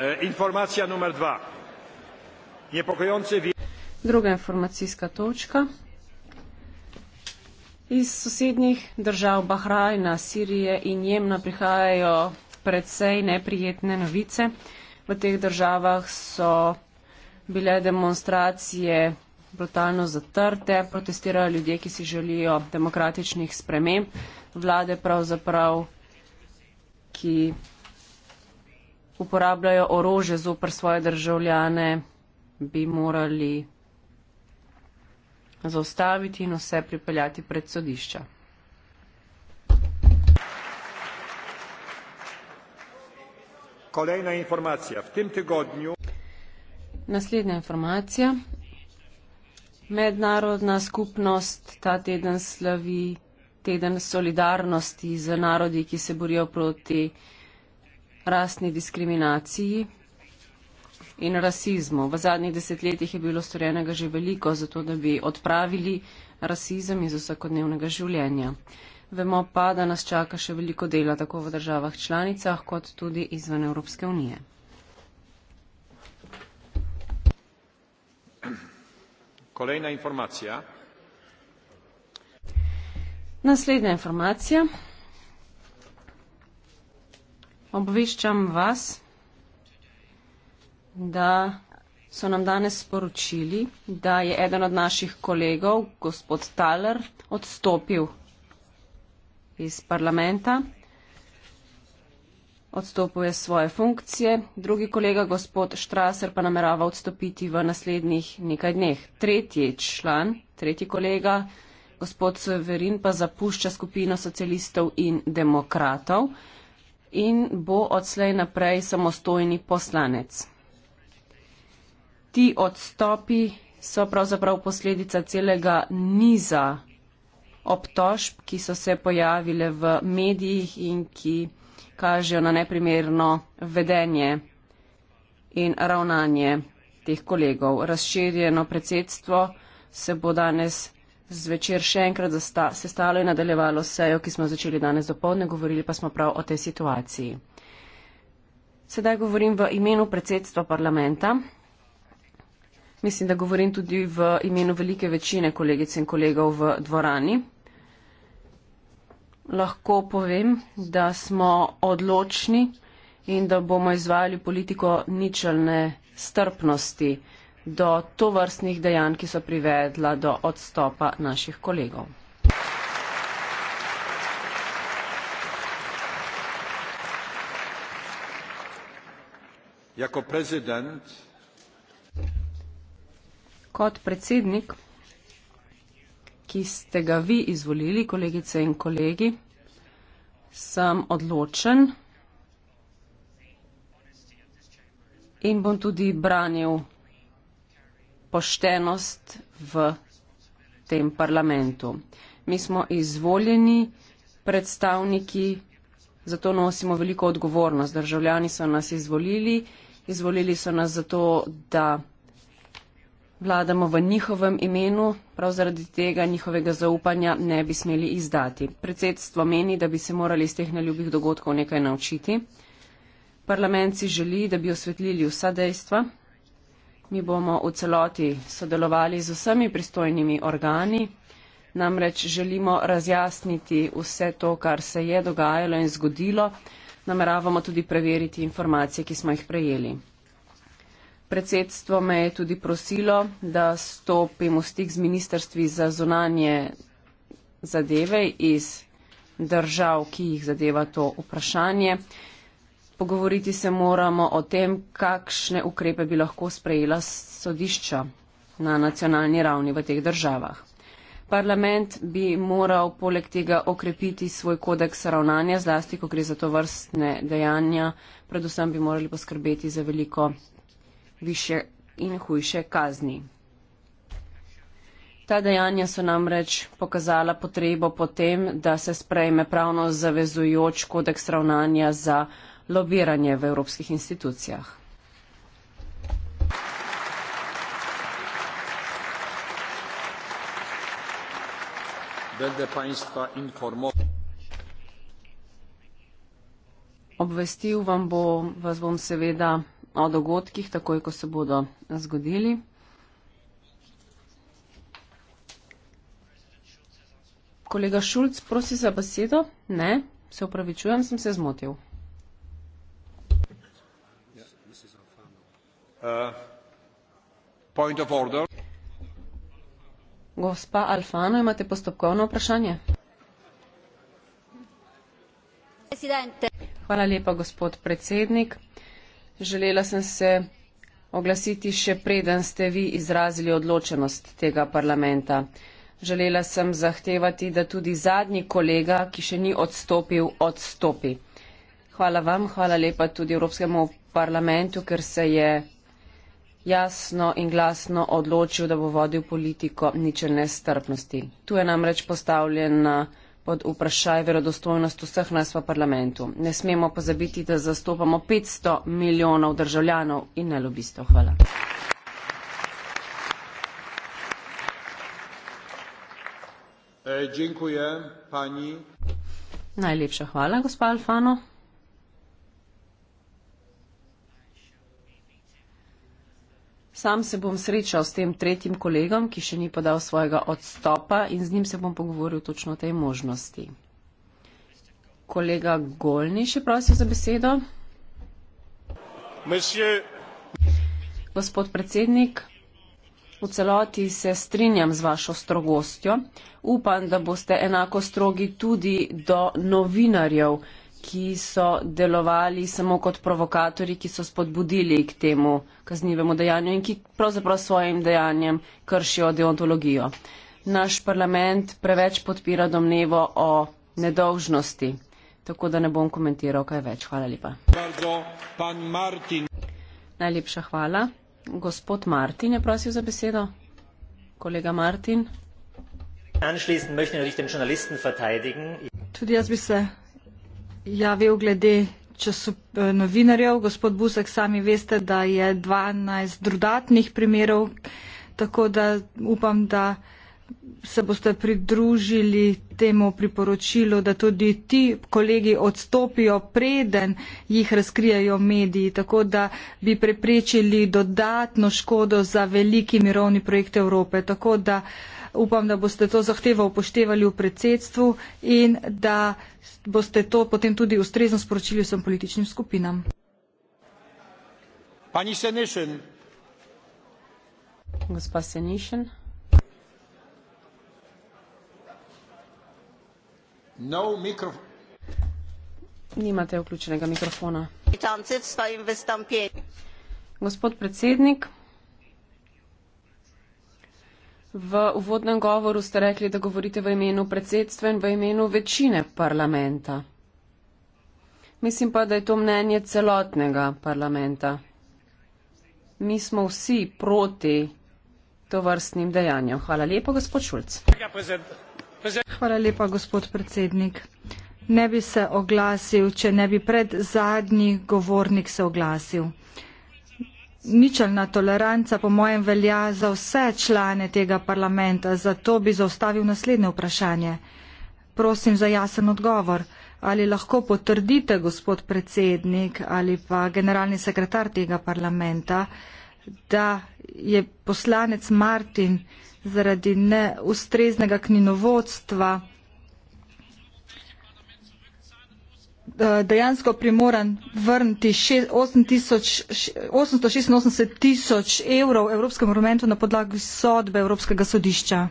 E, informacija numer dva. Niepokojące... Druga informacijska točka. Iz sosednjih držav Bahrajna, Sirije in Jemna prihajajo predvsej neprijetne novice. V teh državah so bile demonstracije brutalno zatrte, protestirajo ljudje, ki si želijo demokratičnih sprememb, vlade pravzaprav, ki uporabljajo orože zoper svoje državljane, bi morali zaustaviti in vse pripeljati pred sodišča. Kolejna informacija. V tem tegodnju. Naslednja informacija. Mednarodna skupnost ta teden slavi teden solidarnosti z narodi, ki se borijo proti rasni diskriminaciji in rasizmu. V zadnjih desetletjih je bilo storjenega že veliko za to, da bi odpravili rasizem iz vsakodnevnega življenja. Vemo pa, da nas čaka še veliko dela tako v državah članicah kot tudi izven Evropske unije. Kolejna informacija. Naslednja informacija. Obveščam vas, da so nam danes sporočili, da je eden od naših kolegov, gospod Taler, odstopil iz parlamenta. Odstopil je svoje funkcije. Drugi kolega, gospod Štraser, pa namerava odstopiti v naslednjih nekaj dneh. Tretji član, tretji kolega, gospod Severin, pa zapušča skupino socialistov in demokratov in bo odslej naprej samostojni poslanec. Ti odstopi so pravzaprav posledica celega niza obtožb, ki so se pojavile v medijih in ki kažejo na neprimerno vedenje in ravnanje teh kolegov. Razširjeno predsedstvo se bo danes zvečer še enkrat sestalo in nadaljevalo sejo, ki smo začeli danes dopolne, govorili pa smo prav o tej situaciji. Sedaj govorim v imenu predsedstva parlamenta. Mislim, da govorim tudi v imenu velike večine kolegic in kolegov v dvorani. Lahko povem, da smo odločni in da bomo izvajali politiko ničelne strpnosti do tovrstnih dejanj, ki so privedla do odstopa naših kolegov. Jako prezident. Kot predsednik, ki ste ga vi izvolili, kolegice in kolegi, sem odločen in bom tudi branil poštenost v tem parlamentu. Mi smo izvoljeni predstavniki, zato nosimo veliko odgovornost. Državljani so nas izvolili, izvolili so nas zato, da vladamo v njihovem imenu, prav zaradi tega njihovega zaupanja ne bi smeli izdati. Predsedstvo meni, da bi se morali iz teh neljubih dogodkov nekaj naučiti. Parlament si želi, da bi osvetlili vsa dejstva. Mi bomo v celoti sodelovali z vsemi pristojnimi organi, namreč želimo razjasniti vse to, kar se je dogajalo in zgodilo, nameravamo tudi preveriti informacije, ki smo jih prejeli. Predsedstvo me je tudi prosilo, da stopim v stik z Ministrstvi za zunanje zadeve iz držav, ki jih zadeva to vprašanje Pogovoriti se moramo o tem, kakšne ukrepe bi lahko sprejela sodišča na nacionalni ravni v teh državah. Parlament bi moral poleg tega okrepiti svoj kodeks ravnanja, zlasti, ko gre za to vrstne dejanja. Predvsem bi morali poskrbeti za veliko više in hujše kazni. Ta dejanja so namreč pokazala potrebo potem, da se sprejme pravno zavezujoč kodeks ravnanja za lobiranje v evropskih institucijah. Obvestil vam bo, vas bom seveda o dogodkih, takoj ko se bodo zgodili. Kolega Šulc, prosi za besedo. Ne, se upravičujem, sem se zmotil. Uh, gospa alfano imate postopkovno vprašanje? hvala lepa gospod predsednik želela sem se oglasiti še preden ste vi izrazili odločenost tega parlamenta želela sem zahtevati da tudi zadnji kolega ki še ni odstopil odstopi hvala vam hvala lepa tudi evropskemu parlamentu ker se je jasno in glasno odločil, da bo vodil politiko ničelne strpnosti. Tu je namreč postavljen pod vprašaj verodostojnost vseh nas v parlamentu. Ne smemo pozabiti, da zastopamo 500 milijonov državljanov in ne lobistov. Hvala. E, Najlepša hvala, gospa Alfano. Sam se bom srečal s tem tretjim kolegom, ki še ni podal svojega odstopa in z njim se bom pogovoril točno o tej možnosti. Kolega Golni še prosil za besedo. Monsieur. Gospod predsednik, v celoti se strinjam z vašo strogostjo. Upam, da boste enako strogi tudi do novinarjev ki so delovali samo kot provokatori, ki so spodbudili k temu kaznivemu dejanju in ki pravzaprav s svojim dejanjem kršijo deontologijo. Naš parlament preveč podpira domnevo o nedolžnosti, tako da ne bom komentiral kaj več. Hvala lepa. Najlepša hvala. Gospod Martin je prosil za besedo. Kolega Martin. Tudi jaz bi se javil glede časop, eh, novinarjev. Gospod Busek, sami veste, da je 12 dodatnih primerov, tako da upam, da se boste pridružili temu priporočilu, da tudi ti kolegi odstopijo preden jih razkrijajo mediji, tako da bi preprečili dodatno škodo za veliki mirovni projekt Evrope. Tako da upam, da boste to zahtevo upoštevali v predsedstvu in da boste to potem tudi ustrezno sporočili vsem političnim skupinam. Pani Senišen. Gospa Senišen. No Nimate vključenega mikrofona. Gospod predsednik, v uvodnem govoru ste rekli, da govorite v imenu predsedstva in v imenu večine parlamenta. Mislim pa, da je to mnenje celotnega parlamenta. Mi smo vsi proti to vrstnim dejanjem. Hvala lepo, gospod Šulc. Hvala lepa, gospod predsednik. Ne bi se oglasil, če ne bi pred zadnji govornik se oglasil. Ničelna toleranca po mojem velja za vse člane tega parlamenta, zato bi zaustavil naslednje vprašanje. Prosim za jasen odgovor. Ali lahko potrdite, gospod predsednik ali pa generalni sekretar tega parlamenta, da je poslanec Martin zaradi neustreznega knjinovodstva eh, dejansko primoran vrniti 886 tisoč evrov Evropskem parlamentu na podlagi sodbe Evropskega sodišča.